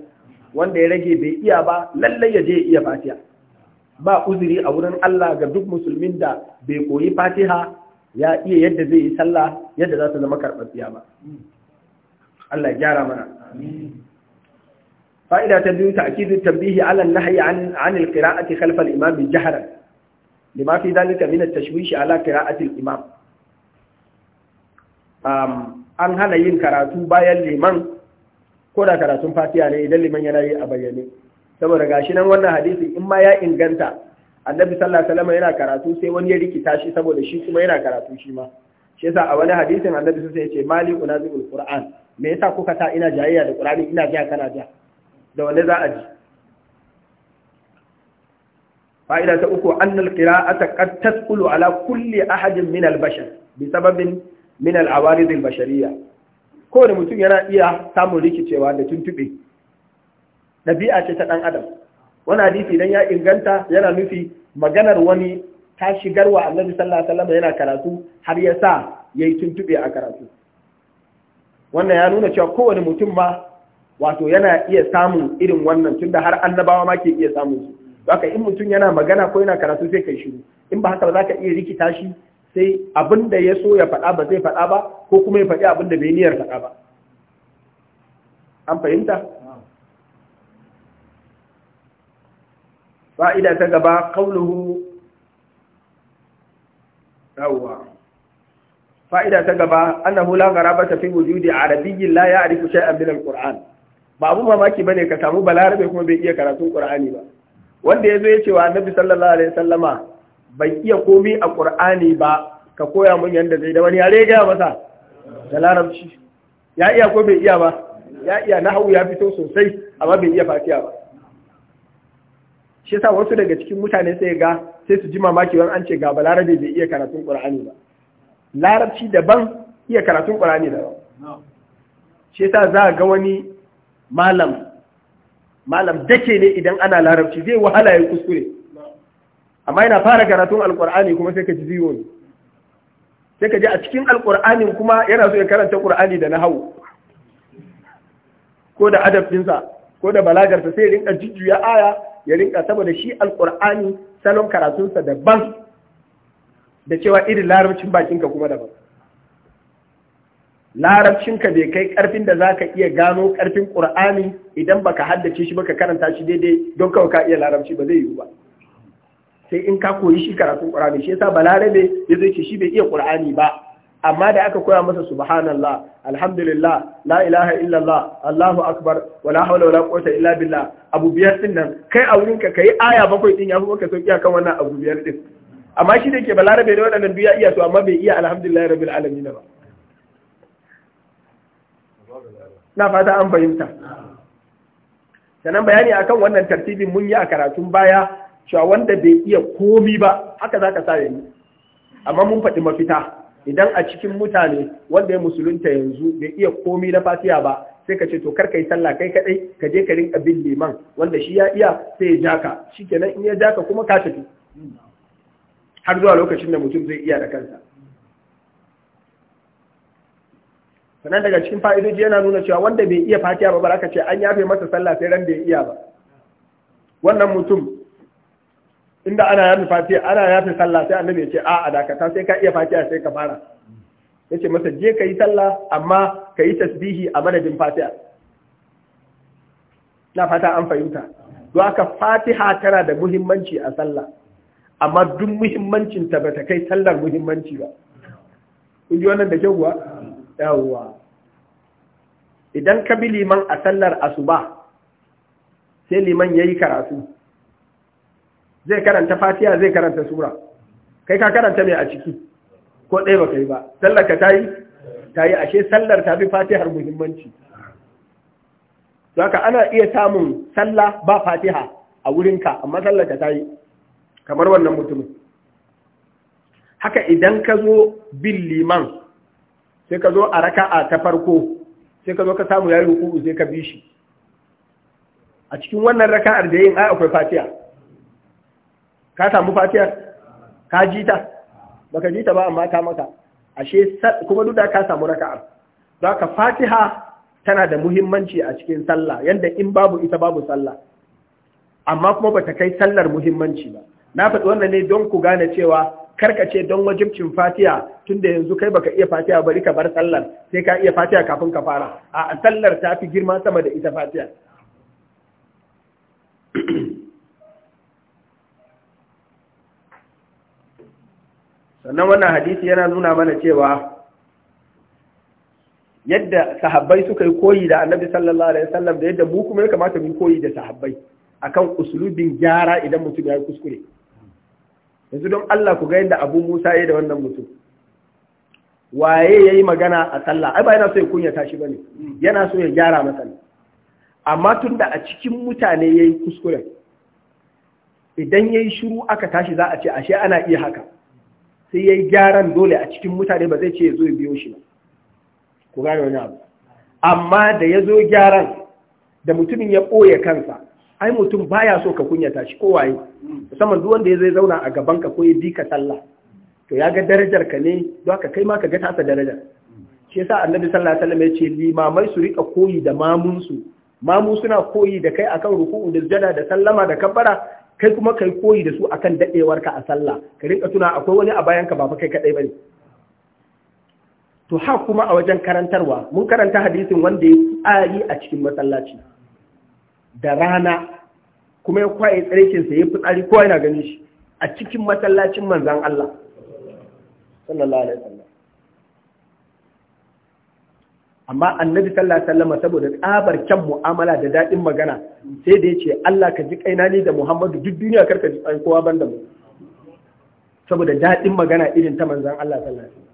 wanda ya rage bai iya ba lallai ya je iya fatiha ba uzuri a wurin Allah ga duk musulmin da bai koyi fatiha ya iya yadda zai yi sallah yadda za ta zama karɓar tsiya ba Allah ya gyara mana fa'ida ta biyu ta'kidu tambihi ala nahyi an al-qira'ati khalf al-imam jahran lima fi dhalika min at-tashwish ala qira'ati al-imam an hana yin karatu bayan liman ko da karatun fatiha ne idan liman yana yi a bayyane saboda gashi nan wannan hadisi in ma ya inganta annabi sallallahu alaihi wasallam yana karatu sai wani ya rikita shi saboda shi kuma yana karatu shi ma shi yasa a wani hadisin annabi sai ya ce mali unazilul qur'an me yasa kuka ta ina jayayya da qur'ani ina jiya kana jiya da wanda za a ji fa'ida ta uku annal qira'ata qad tasqulu ala kulli ahadin min al-bashar bi sababin min al'awarid bashariya Ko kowane mutum yana iya samun rikicewa da tuntube biya ce ta ɗan adam wani hadisi idan ya inganta yana nufi maganar wani ta shigarwa annabi sallallahu alaihi wasallam yana karatu har ya sa ya yi tuntube a karatu wannan ya nuna cewa kowane mutum ma wato yana iya samun irin wannan tunda har annabawa ma ke iya samun su haka in mutum yana magana ko yana karatu sai kai shiru in ba haka ba za ka iya rikita shi sai abin da ya so ya faɗa ba zai faɗa ba ko kuma ya faɗi abin da bai niyyar faɗa ba an fahimta fa'ida ta gaba kaunuhu yawwa fa'ida ta gaba annahu la ta fi wujudi arabiyyin la ya'rifu shay'an min al-qur'an ba abu mamaki bane ka samu balarabe kuma bai iya karatun qur'ani ba wanda zo ya cewa wa annabi sallallahu alaihi sallama. bai iya komi a ƙur'ani ba ka koya mun yadda zai da wani yare gaya masa da larabci ya iya ko bai iya ba ya iya na hau ya fito sosai amma bai iya fatiya ba shi sa wasu daga cikin mutane sai ga sai su ji mamaki wani an ce ga balarabe bai iya karatun ƙur'ani ba larabci daban iya karatun ƙur'ani daban shi sa za a ga wani malam malam dake ne idan ana larabci zai wahala ya kuskure amma yana fara karatun alkur'ani kuma sai ka ji ziyo ne sai ka ji a cikin alkur'anin kuma yana so ya karanta qur'ani da nahawu ko da adab dinsa ko da balagarsa sai ya rinka jujjuya aya ya rinka saboda shi alkur'ani salon karatunsa daban da cewa irin larabcin bakinka kuma daban larabcinka bai kai karfin da zaka iya gano karfin qur'ani idan baka haddace shi baka karanta shi daidai don kawai ka iya larabci ba zai yiwu ba sai in ka koyi shi karatun Qur'ani shi yasa balarabe ya zai ce shi bai iya Qur'ani ba amma da aka koya masa subhanallah alhamdulillah la ilaha illallah Allahu akbar wala hawla wala quwwata illa billah abu biyar din nan kai a wurinka kai aya bakwai din ya fi maka sauki akan wannan abu biyar din amma shi da yake balarabe da waɗannan biya iya to amma bai iya alhamdulillah rabbil alamin ba na fata an fahimta sannan bayani akan wannan tartibin mun yi a karatun baya cewa wanda bai iya komi ba haka za ka sa yanzu. amma mun faɗi mafita idan a cikin mutane wanda ya musulunta yanzu bai iya komi na fatiya ba sai ka ce to kar ka yi sallah kai kadai ka je ka rinka bin liman wanda shi ya iya sai ya jaka shikenan in ya jaka kuma ka tafi har zuwa lokacin da mutum zai iya da kansa sannan daga cikin fa'idoji yana nuna cewa wanda bai iya fatiya ba ba ka ce an yafe masa sallah sai ran bai iya ba wannan mutum inda ana yafi fatiha ana yafi sallah sai annabi ya ce a a dakata sai ka iya fatiha sai ka fara yace masa je ka yi sallah amma ka yi tasbihi a madadin fatiha na fata an fahimta to haka fatiha tana da muhimmanci a sallah amma duk muhimmancin ta bata kai sallar muhimmanci ba kun ji wannan da kyau kuwa yawwa idan ka bi liman a sallar asuba sai liman yayi karatu zai karanta Fatiya zai karanta sura kai ka karanta mai a ciki ko ɗaya ba kai ba sallar ka tayi tayi ashe sallar ta bi fatihar muhimmanci haka ana iya samun sallah ba fatiha a wurinka amma sallar ka tayi kamar wannan mutumin haka idan ka zo bin liman sai ka zo a raka'a ta farko sai ka zo ka samu yayi ruku'u sai ka bi shi a cikin wannan raka'ar da yin ai akwai fatiha ka samu fatiyar ka ji ta baka ji ta ba amma ta maka ashe kuma duk da ka samu raka'a za ka fatiha tana da muhimmanci a cikin sallah yanda in babu ita babu sallah amma kuma ba ta kai sallar muhimmanci ba na faɗi wannan ne don ku gane cewa ce don wajibcin fatiya tunda yanzu kai baka iya fatiya bari ka bar sallar sai ka iya fatiya kafin ka fara a sallar ta fi girma sama da ita fatiya sannan wannan hadisi yana nuna mana cewa yadda sahabbai suka yi koyi da annabi sallallahu alaihi wasallam da yadda mu kuma ya kamata mu koyi da sahabbai akan usulubin gyara idan mutum ya yi kuskure yanzu don Allah ku ga yadda Abu Musa ya da wannan mutum waye yayi magana a sallah ai ba yana so ya kunya tashi bane yana so ya gyara masa amma tunda a cikin mutane yayi kuskure idan yayi shiru aka tashi za a ce ashe ana iya haka sai ya yi gyaran dole a cikin mutane ba zai ce ya zo biyo shi ba ku gane wani abu amma da ya zo gyaran da mutumin ya ɓoye kansa ai mutum baya so ka kunyata shi ko waye musamman duk wanda ya zai zauna a gaban ka ko ya bi ka sallah to ya ga darajar ka ne don haka kai ma ka ga tasa darajar shi yasa annabi sallallahu alaihi ya ce limamai su rika koyi da mamun su mamu suna koyi da kai akan ruku'u da sujada da sallama da kabbara kai kuma kai koyi da su akan daɗewarka a sallah ka rinka tuna akwai wani a bayan ka ba fa kai ba bane to ha kuma a wajen karantarwa mun karanta hadisin wanda ya tsari a cikin masallaci da rana kuma ya kwaye sa ya fitsari kowa yana ganin shi a cikin masallacin manzon Allah sallallahu alaihi wasallam amma annabi sallallahu alaihi wasallam saboda tsabar kyan mu'amala da daɗin magana sai da yace Allah ka ji kaina ne da Muhammadu duk duniya karka ji kai kowa banda mu saboda daɗin magana irin ta manzan Allah sallallahu alaihi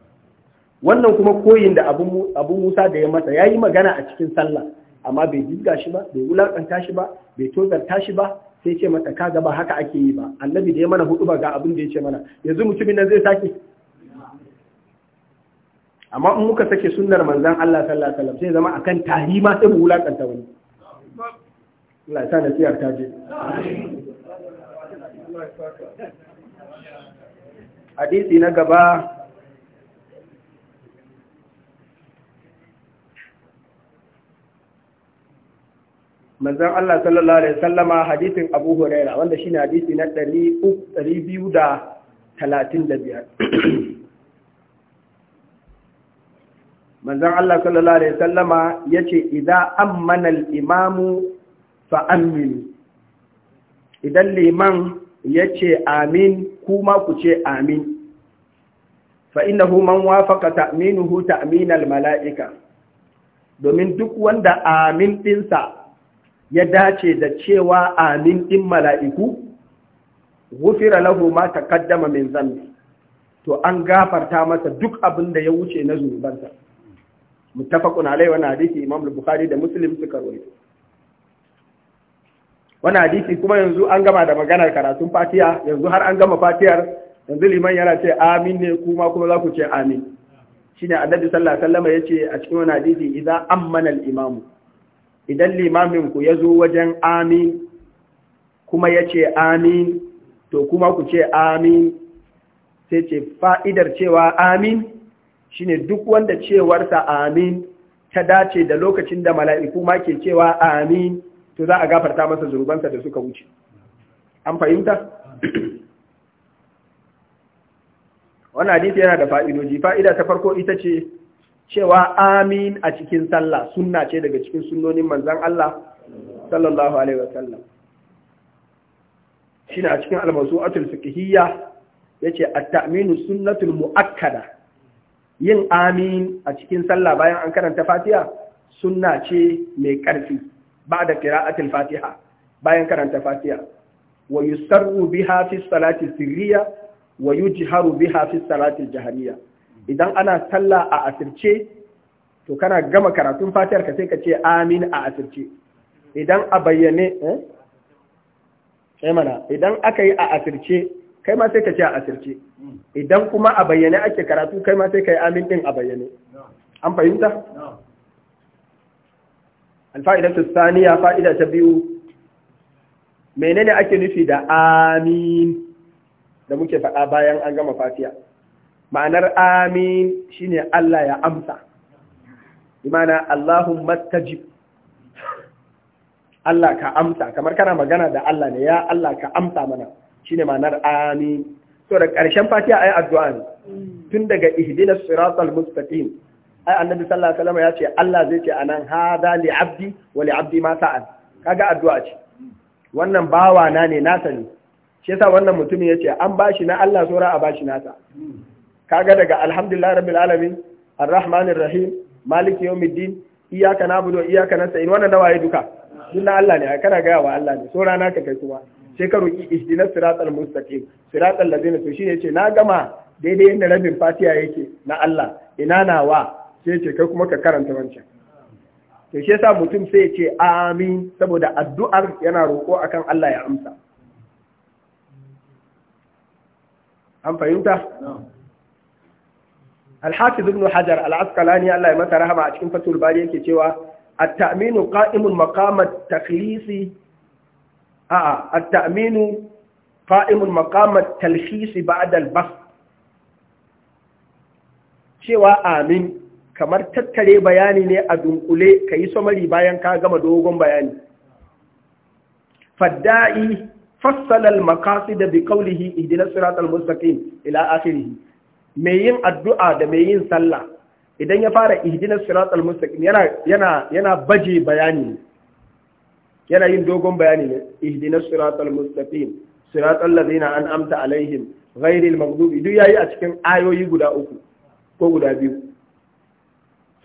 wannan kuma koyin da abu Musa da ya masa yayi magana a cikin sallah amma bai jibga shi ba bai wulakanta shi ba bai tozarta shi ba sai ce mata kaga ba haka ake yi ba annabi da ya mana hudu ba ga abin da ya ce mana yanzu mutumin nan zai sake amma in muka sake sunnar manzan Allah sallallahu alaihi wasallam sai zama akan ma sai mu wulakanta wani Allah ya sa nasiyar ta je hadisi na gaba manzan Allah sallallahu Alaihi wasallama hadisin Abu Huraira wanda shine hadisi na 235 manzan Allah sallallahu alaihi wasallama ce, idan an al-imamu fa idan liman ya ce amin kuma ku ce amin faina human man wafaqa ta'minuhu ta'min malaika domin duk wanda amin ɗinsa ya dace da cewa amin ɗin mala'iku gufira lahu ma kaddama min zambi to an gafarta masa duk abin da ya wuce na zunubansa متفقون عليه وانا حديث Imam البخاري da مسلم suka rawaito wannan hadisi kuma yanzu an gama da maganar karatun Fatiha yanzu har an gama Fatihar yanzu liman yana ce amin ne kuma kuma za ku ce amin shine Annabi sallallahu alaihi wasallam yace a cikin wannan hadisi idan ammana al-imam idan limamin ku yazo wajen amin kuma yace amin to kuma ku ce amin sai ce fa'idar cewa amin shine duk wanda cewarsa amin ta dace da lokacin da mala'iku ma ke cewa amin to za a gafarta masa zunubansa da suka wuce an fahimta wannan hadisi yana da fa'idoji fa'ida ta farko ita ce cewa amin a cikin sallah sunna ce daga cikin sunnonin manzon Allah sallallahu alaihi wasallam shine a cikin almasu al-mawsu'atul ya yace at-ta'minu sunnatul mu'akkada yin amin a cikin sallah bayan an karanta fatiha sunna ce mai ƙarfi ba da kira'atul fatiha bayan karanta fatiha wa yusarru biha fi salati sirriya wa yujharu biha fi salati jahariya idan ana sallah a asirce to kana gama karatun Fatiha ka sai ka ce amin a asirce idan a bayyane eh, eh mana idan aka yi a asirce kai ma sai ka ce a asirce idan kuma a bayyane ake karatu kai ma sai ka yi amin din a bayyane an fahimta alfa'idar tussani ya fa'ida ta biyu menene ake nufi da amin da muke faɗa bayan an gama fatiya ma'anar amin shine Allah ya amsa imana Allahun mataji Allah ka amsa kamar kana magana da Allah ne ya Allah ka amsa mana shine ma'anar amin to da ƙarshen fatiha ai addu'a ne tun daga ihdinas siratal mustaqim ai annabi sallallahu alaihi wasallam ya ce Allah zai ce anan hada li abdi wa li abdi ma sa'al kaga addu'a ce wannan bawa na ne nasa ne shi yasa wannan mutumin yace an bashi na Allah sura a bashi nasa kaga daga alhamdulillah rabbil alamin arrahmanir rahim maliki yawmiddin iyyaka na'budu wa iyyaka nasta'in wannan dawaye duka duk na Allah ne kana ga wa Allah ne sura naka kai kuma sai ka na ihdinas siratal mustaqim siratal ladina to shine yace na gama daidai yadda rabin Fatiya yake na Allah ina nawa sai ce kai kuma ka karanta wancan to shi yasa mutum sai ya ce amin saboda addu'ar yana roƙo akan Allah ya amsa an fahimta الحافظ ابن حجر العسقلاني الله masa رحمه a cikin fatul bari yake cewa a ta'aminu qa'imun maqama a'a at-ta'minu qa'imun maqam at ba'da al-bas cewa amin kamar tattare bayani ne a dunkule kayi samari bayan ka gama dogon bayani fadda'i fassala al-maqasid bi qawlihi ihdinas siratal mustaqim ila akhirih mai yin addu'a da mai yin sallah idan ya fara ihdinas siratal mustaqim yana yana yana baje bayani yana yin dogon bayani ne ihdinas siratal mustaqim siratal ladina an'amta alaihim ghairil maghdubi duk yayi a cikin ayoyi guda uku ko guda biyu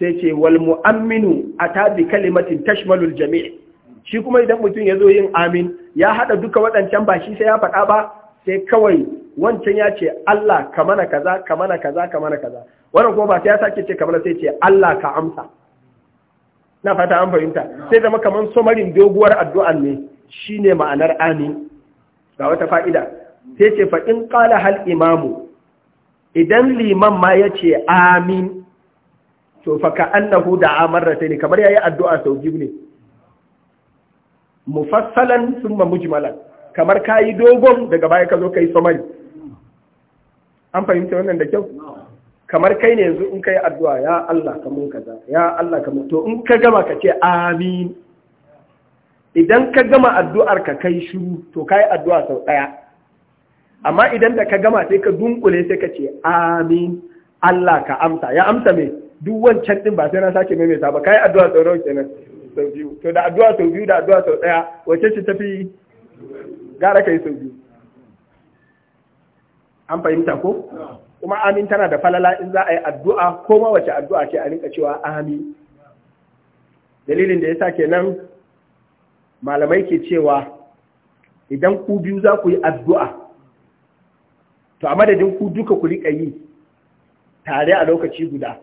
sai ce wal mu'amminu ata bi kalimatin tashmalul jami' shi kuma idan mutum ya zo yin amin ya hada duka waɗancan ba shi sai ya faɗa ba sai kawai wancan ya ce Allah ka mana kaza ka mana kaza ka mana kaza wannan kuma ba sai ya sake ce kamar sai ce Allah ka amsa na fata an fahimta sai zama kamar somarin doguwar addu'an ne shine ma'anar amin ga wata fa'ida sai ce fa in hal imamu idan liman ma yace amin to fa ka annahu da'a marratayn kamar yayi addu'a sau biyu ne mufassalan thumma mujmalan kamar kayi dogon daga baya ka zo kai somari an fahimta wannan da kyau kamar kai ne yanzu in kai addu'a ya Allah ka mun kaza ya Allah ka mun to in ka gama ka ce amin idan ka gama addu'ar ka kai shiru to kai addu'a sau daya amma idan da ka gama sai ka dunkule sai ka ce amin Allah ka amsa ya amsa me duk wancan din ba sai na sake maimaita ba kai addu'a sau nawa kenan sau biyu to da addu'a sau biyu da addu'a sau daya wace ce tafi gara kai sau biyu an fahimta ko kuma amin tana da falala in za a yi addu'a ko ma wace addu'a ce a rinka cewa amin dalilin da ya yasa kenan malamai ke cewa idan ku biyu za ku yi addu'a to a madadin ku duka ku rika yi tare a lokaci guda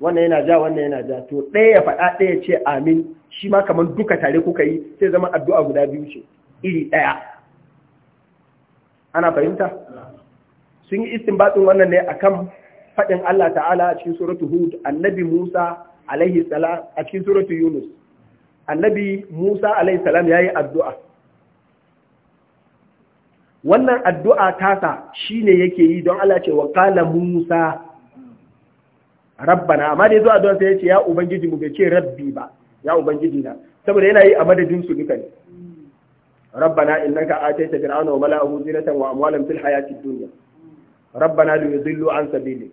wannan yana ja wannan yana ja to ɗaya ya faɗa ɗaya ce amin shi ma kamar duka tare kuka yi sai zama addu'a guda biyu ce iri ɗaya ana fahimta sun yi istinbatin wannan ne akan faɗin Allah ta'ala a cikin suratu Hud annabi Musa alaihi salam a cikin suratu Yunus annabi Musa alaihi salam yayi addu'a wannan addu'a tasa shine yake yi don Allah ce wa qala Musa rabbana amma da yazo addu'a sai ya ce ya ubangiji mu bai rabbi ba ya ubangiji na saboda yana yi a madadin su duka ne rabbana innaka ataita fir'auna wa mala'ahu zinatan wa amwalan fil hayatid dunya ربنا ليضلوا عن سبيلك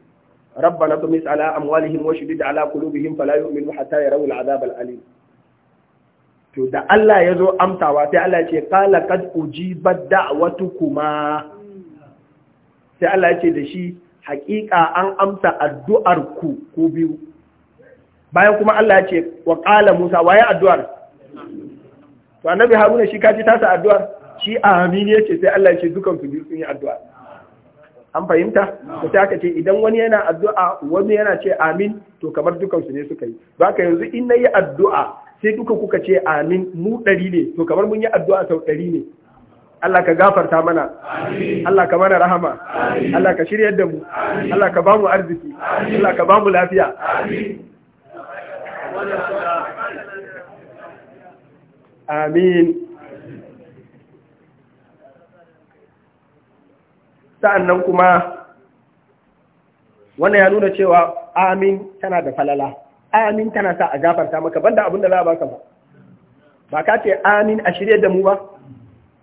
ربنا اطمس على أموالهم وشدد على قلوبهم فلا يؤمنوا حتى يروا العذاب الأليم to da Allah ya zo amtawa sai Allah ya ce qala qad ujibat da'watukuma sai Allah ya ce da shi haƙiƙa an amsa addu'ar ku ku biyu bayan kuma Allah ya ce wa qala Musa waye addu'ar to annabi Haruna shi kaji tasa addu'ar shi amin yace sai Allah ya ce dukan su biyu sun yi addu'a an fahimta to ta ce idan wani yana addu'a wani yana ce amin to kamar dukan su ne suka yi Ba ka yanzu in nayi addu'a sai duka kuka ce amin mu ɗari ne to kamar mun yi addu'a sau ɗari ne Allah ka gafarta mana Allah ka mana rahama Allah ka shiryar da mu Allah ka ba mu arziki Allah ka ba mu lafiya amin sa'annan kuma wannan ya nuna cewa amin tana da falala amin tana sa a gafarta maka banda abin da za a baka ba ba ka ce amin a shirye da mu ba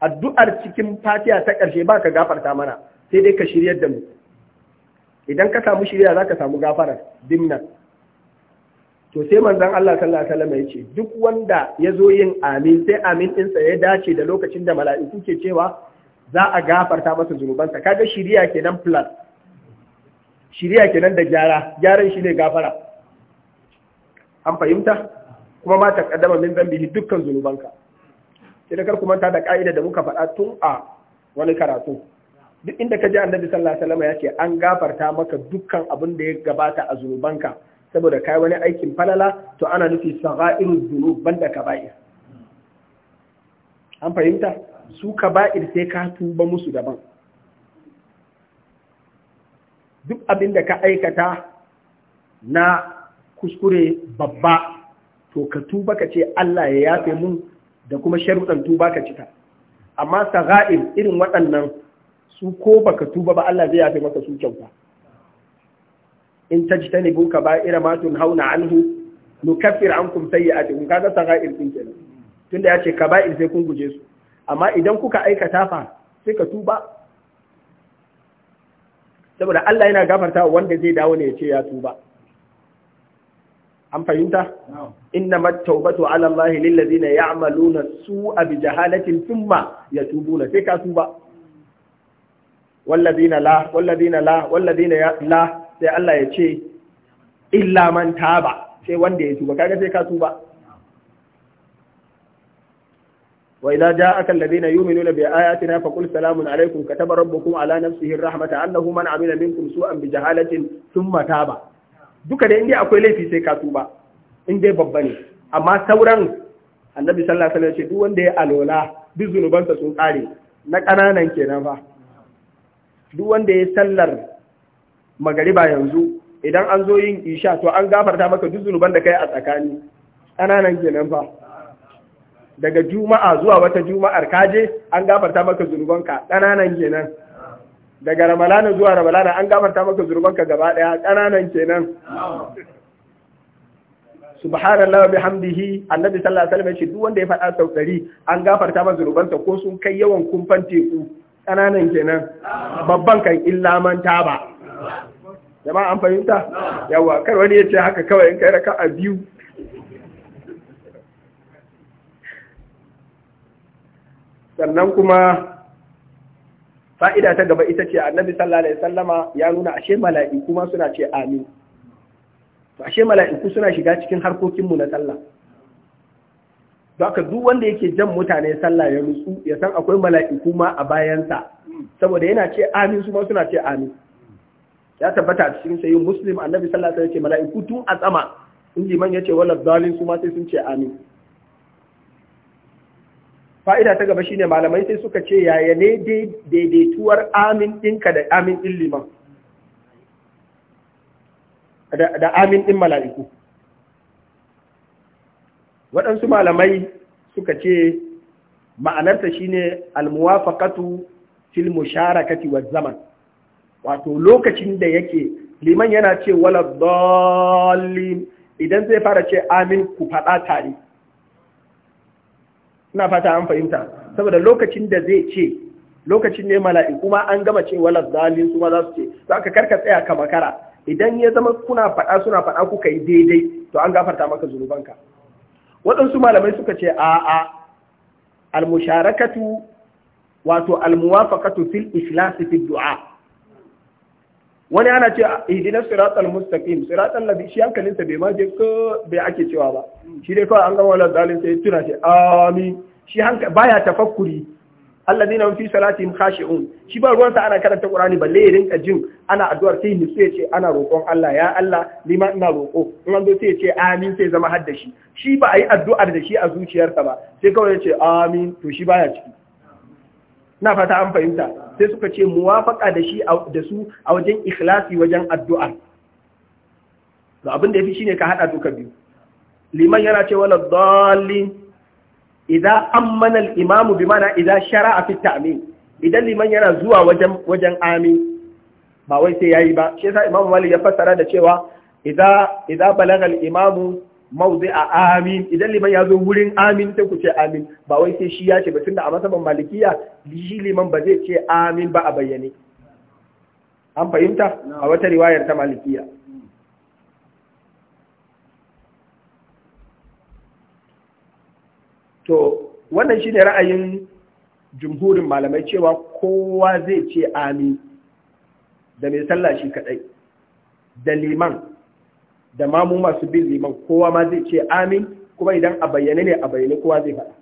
addu'ar cikin fatiya ta ƙarshe ba ka gafarta mana sai dai ka shirye da mu idan ka samu shirya za ka samu gafarar, dimna to sai manzan Allah sallallahu alaihi wasallam ya ce duk wanda ya zo yin amin sai amin ɗinsa ya dace da lokacin da mala'iku ke cewa za a gafarta masa zunubansa kaga shiriya kenan plus shiriya kenan da gyara gyaran shi ne gafara an fahimta kuma ma ta kaddama min zambihi dukkan zunubanka sai da karku manta da ka'ida da muka faɗa tun a wani karatu duk inda ka ji annabi sallallahu alaihi wasallam ya ce an gafarta maka dukkan abin da ya gabata a zunubanka saboda kai wani aikin falala to ana nufi sagairu zunub banda kaba'ir an fahimta su ka ba’ir sai ka tuba musu daban duk abin da ka aikata na kuskure babba to ka tuba ka ce Allah ya yafe mun da kuma sharuɗan tuba ka cika amma sagha'ir irin waɗannan su ko ka tuba ba Allah zai yafe maka su kyauta in ta ta ji tajtanibu kaba'ira ma tunhauna anhu nukaffir ankum sayyi'atikum kaga sagha'ir sun kenan tunda yace ba’ir sai kun guje su amma idan kuka aikata fa sai ka tuba saboda Allah yana gafarta wanda zai dawo ne ya ce ya tuba an fahimta innamat tawbatu ala Allah lil ladina ya'maluna su'a bi jahalatin thumma yatubuna sai ka tuba walladina la walladina la ya, la sai Allah ya ce illa man taba sai wanda ya tuba kaga sai ka tuba وإذا جاءك الذين يؤمنون بآياتنا فقل سلام عليكم كتب ربكم على نفسه الرحمة أنه من عمل منكم سوءا بجهالة ثم تاب duka da inda akwai laifi sai ka tuba in dai babba ne amma sauran annabi sallallahu alaihi wasallam ce duk wanda ya alola duk zunubansa sun kare na kananan kenan fa duk wanda ya sallar magariba yanzu idan an zo yin isha to an gafarta maka duk zunuban da kai a tsakani kananan kenan fa daga juma'a zuwa wata juma'ar kaje an gafarta maka zurbanka. ƙananan kenan daga ramalana zuwa ramalana an gafarta maka zurbanka gaba ɗaya ƙananan kenan subhanallah bihamdihi annabi sallallahu alaihi wasallam duk wanda ya faɗa sau ɗari an gafarta maka zurbanta. ko sun kai yawan kumfan teku ƙananan kenan babban kan illa man taba jama'a an fahimta yawa kar wani ya ce haka kawai in kai raka'a biyu sannan kuma fa'ida ta gaba ita ce annabi sallallahu alaihi sallama ya nuna ashe mala'iku ma suna ce amin to ashe mala'iku suna shiga cikin harkokinmu na sallah ka duk wanda yake jan mutane sallah ya nutsu ya san akwai mala'iku ma a bayansa saboda yana ce amin su ma suna ce amin ya tabbata a cikin sayin muslim annabi sallallahu alaihi wasallam ya ce mala'iku tun a sama in liman ya ce wala dalin su ma sai sun ce amin fa'ida ta gaba shine malamai sai suka ce yaya ne daidaituwar amin ɗinka da amin ɗin liman da amin ɗin mala'iku waɗansu malamai suka ce ma'anarta shine almuwafaqatu fil musharakati wa zaman wato lokacin da yake liman yana ce wala dallin idan zai fara ce amin ku faɗa tare ina fata an fahimta saboda lokacin da zai ce lokacin ne mala'iku ma an gama ce wala zalin su ma za su ce za ka karka tsaya ka makara idan ya zama kuna faɗa suna faɗa kuka yi daidai to an gafarta maka zunubanka waɗansu malamai suka ce a'a almusharakatu wato almuwafaqatu fil ikhlasi fi du'a wani ana ce ihdinas siratal mustaqim siratal ladhi shi sa bai ma je ko bai ake cewa ba shi dai kawai an gama wala zalim sai tuna ce amin shi hanka baya tafakkuri alladhina hum fi salatihim khashi'un shi ba ruwansa ana karanta qur'ani balle ya rinka jin ana addu'ar sai nutsu ya ce ana roƙon Allah ya Allah ni ma ina roƙo in an zo sai ya ce amin sai zama hadda shi shi ba a yi addu'ar da shi a zuciyarsa ba sai kawai ya ce amin to shi baya ciki na fata an fahimta sai suka ce muwafaka da shi da su a wajen ikhlasi wajen addu'a to abin da yafi shine ka hada duka biyu liman yana cewa la dallin idan ammana al-imamu bi mana idan shara'a fi ta'min idan liman yana zuwa wajen wajen amin ba wai sai yayi ba shi yasa imamu malik ya fassara da cewa idan balagal balaga al-imamu zai a amin idan liman ya zo wurin amin sai ku ce amin ba wai sai shi ya ce ba tunda a masaban malikiya shi liman ba zai ce amin ba a bayyane an fahimta a wata riwayar ta malikiya to wannan shine ra'ayin jumhurin malamai cewa kowa zai ce amin da mai sallah shi kadai da liman da ma mu masu bin liman kowa ma zai ce amin kuma idan a bayyane ne a bayyane kowa zai faɗa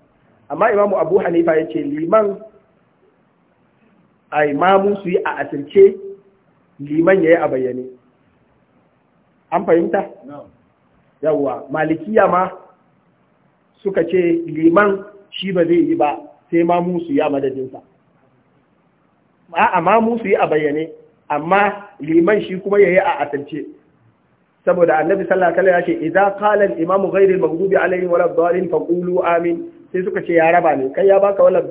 amma imamu abu hanifa ya ce liman a imamu su yi a asirce liman ya yi a bayyane an fahimta yawwa malikiya ma suka ce liman shi ba zai yi ba sai mamu su yi a madadinsa a'a mamu su yi a bayyane amma liman shi kuma ya yi a asirce saboda annabi sallallahu alaihi wasallam ya ce idza qala al-imam ghayr al-maghdubi alaihim wa ad-dallin qulu amin sai suka ce ya raba ne kai ya baka wala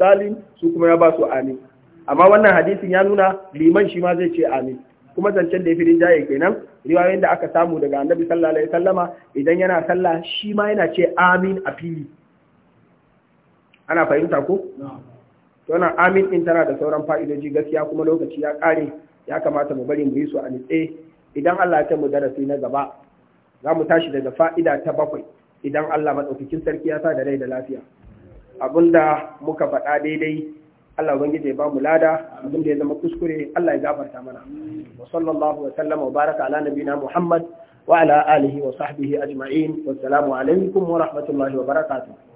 su kuma ya ba su amin amma wannan hadisin ya nuna liman shi ma zai ce amin kuma zancen da ya fi ya kenan riwayoyin da aka samu daga annabi sallallahu alaihi wasallama idan yana sallah shi ma yana ce amin a fili ana fahimta ko to amin din tana da sauran fa'idoji gaskiya kuma lokaci ya kare ya kamata mu bari mu yi su a nitse idan Allah ya mu darasi na gaba za mu tashi daga fa'ida ta bakwai idan Allah maɗaukakin sarki ya sa da rai da lafiya abinda muka faɗa daidai Allah ubangiji ya ba mu lada abinda ya zama kuskure Allah ya gafarta mana wa sallallahu wa sallama wa baraka ala nabina Muhammad wa ala alihi wa sahbihi ajma'in wassalamu alaikum wa rahmatullahi wa barakatuh